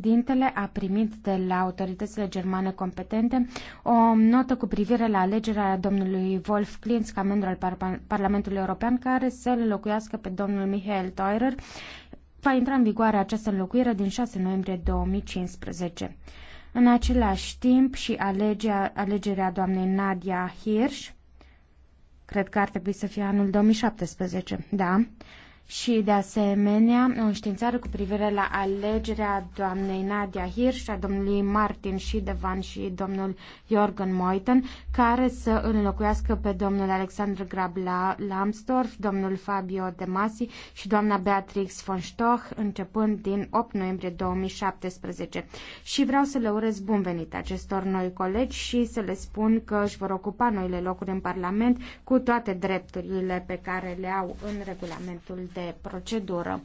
Președintele a primit de la autoritățile germane competente o notă cu privire la alegerea domnului Wolf Klintz ca membru al Parlamentului European care să le locuiască pe domnul Michael Teurer. Va intra în vigoare această înlocuire din 6 noiembrie 2015. În același timp și alegea, alegerea doamnei Nadia Hirsch, cred că ar trebui să fie anul 2017, da, și, de asemenea, o științare cu privire la alegerea doamnei Nadia Hirsch, a domnului Martin Șidevan și domnul Jorgen Moiten, care să înlocuiască pe domnul Alexandru Grab Lamstorf, domnul Fabio De Masi și doamna Beatrix von Stoch, începând din 8 noiembrie 2017. Și vreau să le urez bun venit acestor noi colegi și să le spun că își vor ocupa noile locuri în Parlament cu toate drepturile pe care le au în regulamentul de de procedură.